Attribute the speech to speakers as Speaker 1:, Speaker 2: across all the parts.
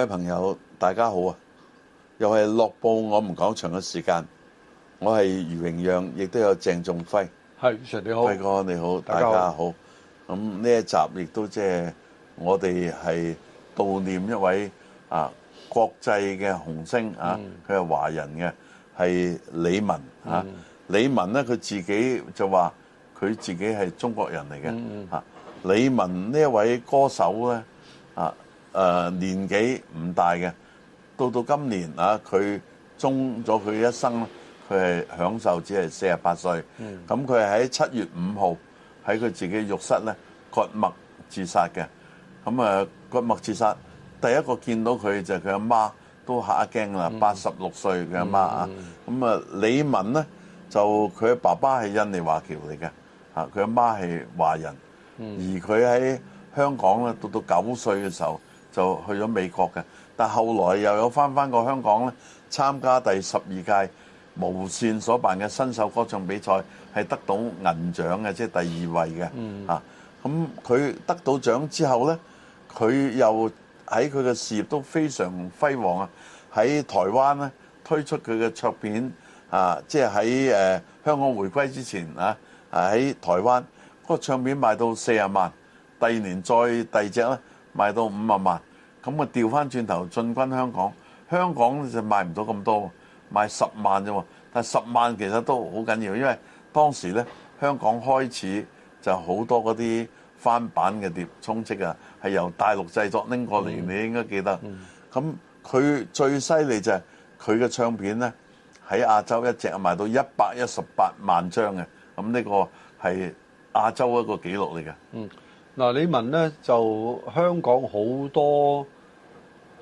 Speaker 1: 各位朋友，大家好啊！又係樂報，我唔講場嘅時間。我係余榮讓，亦都有鄭仲輝。係 Sir 你好，輝哥你好，大家好。咁呢一集亦都即係我哋係悼念一位啊國際嘅紅星啊，佢係華人嘅，係李玟啊。啊、嗯。李玟咧，佢自己就話佢自己係中國人嚟嘅、啊嗯、李玟呢一位歌手咧啊。誒、呃、年紀唔大嘅，到到今年啊，佢終咗佢一生，佢係享受只係四十八歲。咁佢喺七月五號喺佢自己浴室咧割脈自殺嘅。咁啊割脈自殺，第一個見到佢就係佢阿媽，都嚇一驚啦！八十六歲佢阿媽啊，咁啊、嗯嗯、李玟咧就佢爸爸係印尼華僑嚟嘅，佢阿媽係華人，嗯、而佢喺香港咧到到九歲嘅時候，就去咗美國嘅，但後來又有翻翻過香港咧，參加第十二屆無線所辦嘅新秀歌唱比賽，係得到銀獎嘅，即係第二位嘅。嗯，啊，咁佢得到獎之後咧，佢又喺佢嘅事業都非常輝煌啊！喺台灣咧推出佢嘅唱片啊，即係喺誒香港回歸之前啊，啊喺台灣嗰個唱片賣到四十萬，第二年再第二隻咧。賣到五十萬，咁啊調翻轉頭進軍香港，香港就賣唔到咁多，賣十萬啫喎。但十萬其實都好緊要，因為當時咧香港開始就好多嗰啲翻版嘅碟充斥啊，係由大陸製作拎過嚟、嗯，你應該記得。咁佢最犀利就係佢嘅唱片咧，喺亞洲一隻賣到一百一十八萬張嘅，咁呢個係亞洲一個紀錄嚟嘅。嗯嗱，
Speaker 2: 李玟呢，咧就香港好多，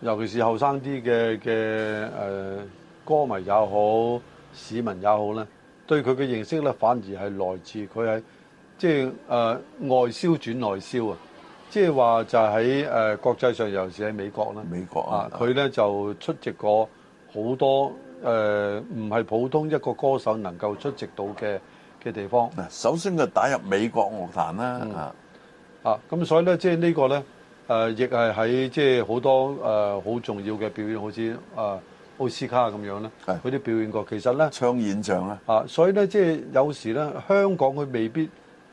Speaker 2: 尤其是後生啲嘅嘅歌迷也好，市民也好咧，對佢嘅認識咧反而係來自佢喺即係外銷轉內銷啊，即係話、呃、就喺誒、呃、國際上，尤其是喺美國啦，美國啊，佢、啊、咧就出席過好多誒唔係普通一個歌手能夠出席到嘅嘅地方。嗱，首先佢打入美國樂壇啦、啊。嗯咁、啊、所以咧，即係呢個咧，誒、啊，亦係喺即係好多誒好、呃、重要嘅表演，好似誒奧斯卡咁樣咧，佢啲表演過。其實咧，唱演唱啦啊！所以咧，即係有時咧，香港佢未必誒、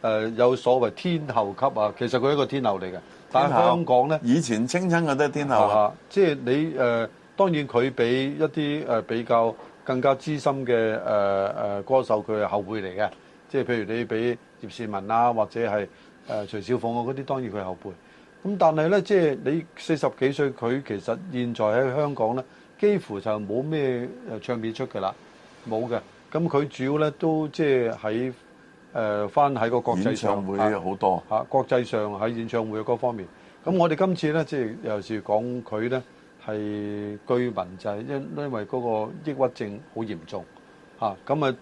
Speaker 2: 啊、有所謂天后級啊。其實佢係一個天后嚟嘅。但係香港咧，以前青春嘅都係天后。啊。即係你誒、啊，當然佢俾一啲誒比較更加資深嘅誒、啊啊、歌手，佢係後輩嚟嘅。即係譬如你俾葉倩文啊，或者係。誒徐小鳳嗰啲當然佢後輩，咁但係咧，即係你四十幾歲，佢其實現在喺香港咧，幾乎就冇咩誒唱片出嘅啦，冇嘅。咁佢主要咧都即係喺誒翻喺個國際上，演唱會好多嚇，國際上喺演唱會嘅各方面。咁我哋今次咧，即係尤其是講佢咧係據聞就係，因因為嗰個抑鬱症好嚴重嚇，咁啊。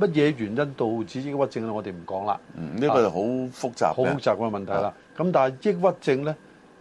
Speaker 2: 乜嘢原因導致抑鬱症咧？我哋唔講啦。嗯，呢個就好複雜。好複雜嘅問題啦。咁但係抑鬱症咧，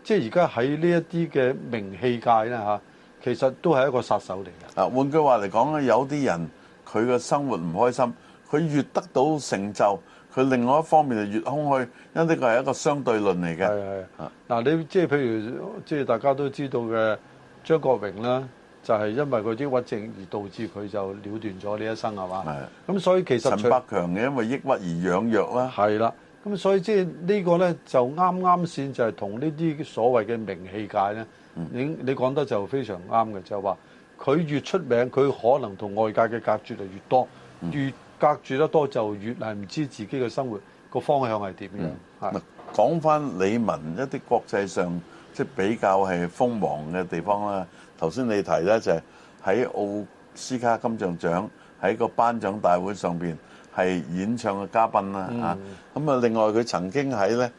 Speaker 2: 即係而家喺呢一啲嘅名氣界咧嚇，其實都係一個殺手
Speaker 1: 嚟嘅。啊，換句話嚟講咧，有啲人佢嘅生活唔開心，佢越得到成就，佢另外一方面就越空虛，因為呢個係一個相對論嚟嘅。係係。
Speaker 2: 嗱，你即係譬如，即係大家都知道嘅張國榮啦。就係、是、因為佢抑鬱症而導致佢就了斷咗呢一生係嘛？咁、嗯、所以其實陳百強嘅因為抑鬱而養弱啦。係啦，咁所以即係呢個咧就啱啱先就係同呢啲所謂嘅名氣界咧、嗯，你你講得就非常啱嘅，就話佢越出名，佢可能同外界嘅隔絕就越多、嗯，越隔絕得多就越係唔知自己嘅生活個方向係點樣。講、嗯、翻李玟一啲國
Speaker 1: 際上。即係比較係鋒芒嘅地方啦。頭先你提呢，就係喺奧斯卡金像獎喺個頒獎大會上邊係演唱嘅嘉賓啦嚇。咁、嗯、啊，另外佢曾經喺呢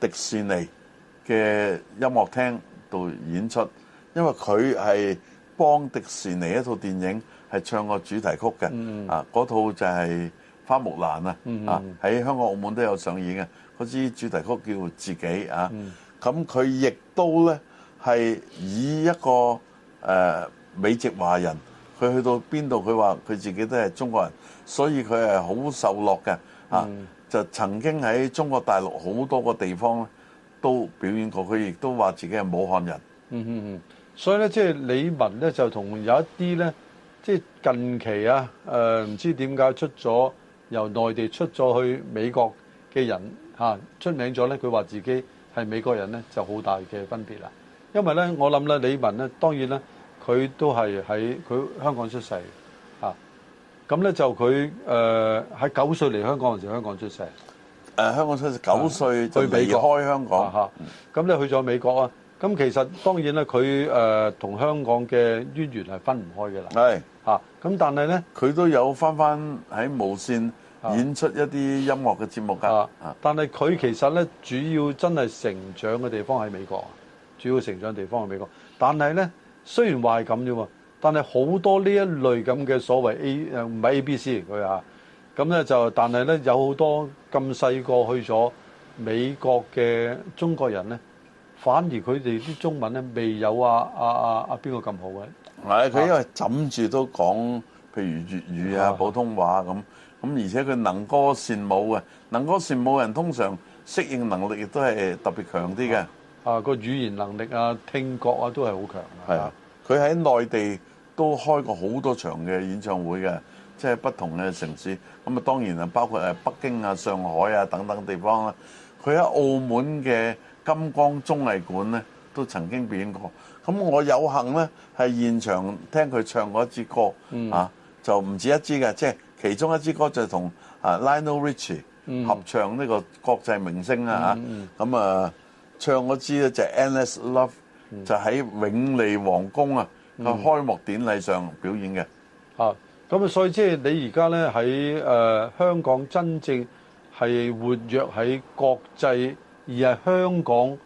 Speaker 1: 迪士尼嘅音樂廳度演出，因為佢係幫迪士尼一套電影係唱個主題曲嘅、嗯嗯。啊，嗰套就係《花木蘭》啊。啊、嗯，喺、嗯、香港、澳門都有上演嘅。嘅嗰支主題曲叫《自己》啊。嗯咁佢亦都呢，係以一個誒美籍華人，佢去到邊度，佢話佢自己都係中國人，所以佢係好受落嘅啊。就曾經喺中國大陸好多個地方都表演
Speaker 2: 過，佢亦都話自己係武漢人，嗯。嗯，嗯，所以呢，即係李玟呢，就同有一啲呢，即係近期啊呃、唔知點解出咗由內地出咗去美國嘅人、啊、出名咗呢，佢話自己，係美國人咧就好大嘅分別啦，因為咧我諗咧李玟咧當然咧佢都係喺佢香港出世，咁咧就佢誒喺九歲嚟香港嗰陣時香港出世，誒香港出世九歲對未開香港，咁咧去咗美國啊，咁、啊、其實當然咧佢誒同香港嘅淵源係分唔開嘅啦，咁但係咧佢都有翻翻喺無線演出一啲音樂嘅節目㗎、啊啊，但係佢其實咧主要真係成長嘅地方喺美國，主要成長嘅地方係美國。但係咧，雖然話係咁啫喎，但係好多呢一類咁嘅所謂 A 誒唔係 A B C 佢啊，咁咧就但係咧有好多咁細個去咗美國嘅中國人咧，反而佢哋啲中文咧未有啊啊啊啊邊個咁好嘅、啊。係、啊、佢因為
Speaker 1: 枕住都講，譬如粵語啊、普通話咁、啊。啊咁而且佢能歌善舞嘅，能歌善舞人通常適應能力亦都係特別強啲嘅。
Speaker 2: 啊，個、啊、語言能力啊、聽覺啊都係好強。
Speaker 1: 係啊，佢喺內地都開過好多場嘅演唱會嘅，即係不同嘅城市。咁啊，當然啊，包括誒北京啊、上海啊等等地方啦、啊。佢喺澳門嘅金光綜藝館咧，都曾經表演過。咁我有幸咧係現場聽佢唱過一支歌，嗯、啊，就唔止一支嘅，即係。其中一支歌就係同啊 Lionel Richie 合唱，呢個國際明星啊嚇，咁啊唱嗰支咧就係 Endless Love，就喺永利皇宮啊個開幕典禮上
Speaker 2: 表演嘅。啊，咁啊所以即係你而家咧喺誒香港真正係活躍喺國際，而係香港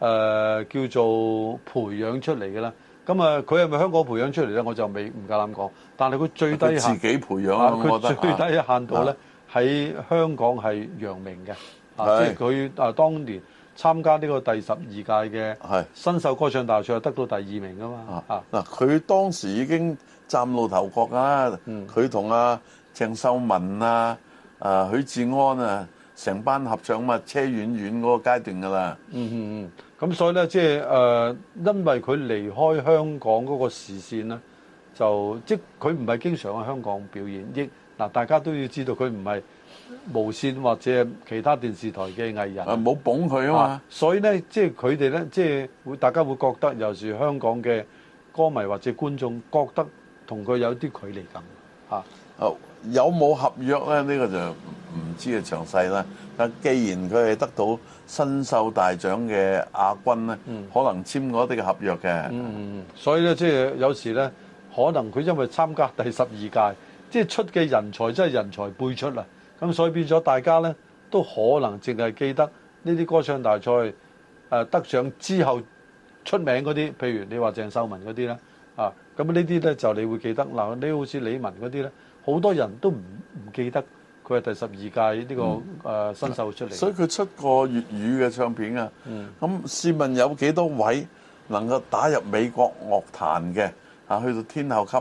Speaker 2: 誒叫做培養出嚟㗎啦。咁啊，佢係咪香港培養出嚟咧？我就未唔夠膽講。但係佢最低
Speaker 1: 限，佢最低限度咧
Speaker 2: 喺、啊啊、香港係揚名嘅。即係佢啊，就是、當年參加呢個第十二屆嘅新秀歌唱大賽，得到第二名㗎嘛。啊，
Speaker 1: 佢當時已經嶄露頭角啦。佢、嗯、同啊鄭秀文啊、啊
Speaker 2: 許志安啊。成班合唱嘛，車婉婉嗰個階段㗎啦。嗯嗯嗯，咁所以呢，即係誒，因為佢離開香港嗰個視線呢，就即佢唔係經常去香港表演。亦嗱、呃，大家都要知道佢唔係無線或者其他電視台嘅藝人。誒，冇捧佢啊嘛。所以呢，即係佢哋呢，即、就、係、是、會大家會覺得，尤其香港嘅歌迷或者觀眾，覺得同佢有啲距離感嚇、啊哦。有
Speaker 1: 冇合約呢？呢、這個就～唔知嘅詳細啦。但既然佢係得到新秀大獎嘅亞
Speaker 2: 軍咧、嗯，可能簽嗰啲嘅合約嘅、嗯，所以咧即係有時咧，可能佢因為參加第十二屆，即係出嘅人才真係人才輩出啦。咁所以變咗大家咧都可能淨係記得呢啲歌唱大賽誒得獎之後出名嗰啲，譬如你話鄭秀文嗰啲咧啊，咁呢啲咧就你會記得嗱，你好似李玟嗰啲咧，好多人都唔唔記得。佢係第十二屆呢個誒新秀出嚟，啊、所以
Speaker 1: 佢出過粵語嘅唱片啊。咁試問有幾多位能夠打入美國樂壇嘅啊？去到天后級，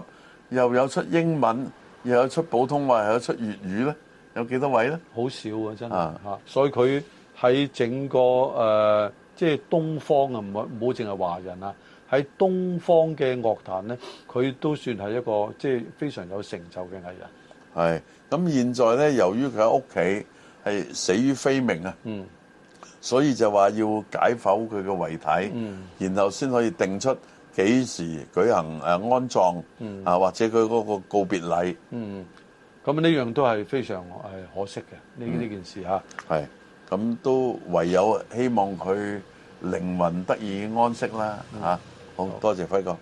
Speaker 1: 又有出英文，又有出普通話，又有出粵語咧，有幾多位
Speaker 2: 咧？好少啊，真係吓！所以佢喺整個誒，即係東方啊，唔好唔好淨係華人啊，喺東方嘅樂壇咧，佢都算係一個即係非常有成就嘅藝人。
Speaker 1: 係咁，現在咧，由於佢喺屋企係死於非命啊、嗯，所以就話要解剖佢嘅遺體，嗯、然後先可以定出幾時舉行安葬、嗯、啊，或者佢嗰個告別禮。
Speaker 2: 咁、嗯、呢樣都係非常可惜嘅呢呢件事嚇。
Speaker 1: 係咁都唯有希望佢靈魂得以安息啦、嗯啊、好，好多謝輝哥。